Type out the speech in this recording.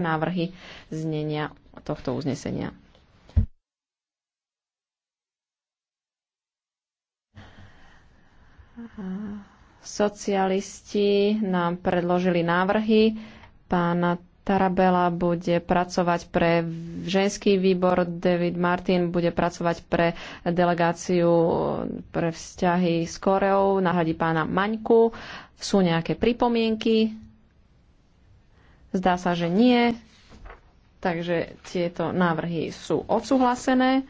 návrhy znenia tohto uznesenia. Socialisti nám predložili návrhy. Pán Tarabela bude pracovať pre ženský výbor, David Martin bude pracovať pre delegáciu pre vzťahy s Koreou, nahradí pána Maňku. Sú nejaké pripomienky? Zdá sa, že nie. Takže tieto návrhy sú odsúhlasené.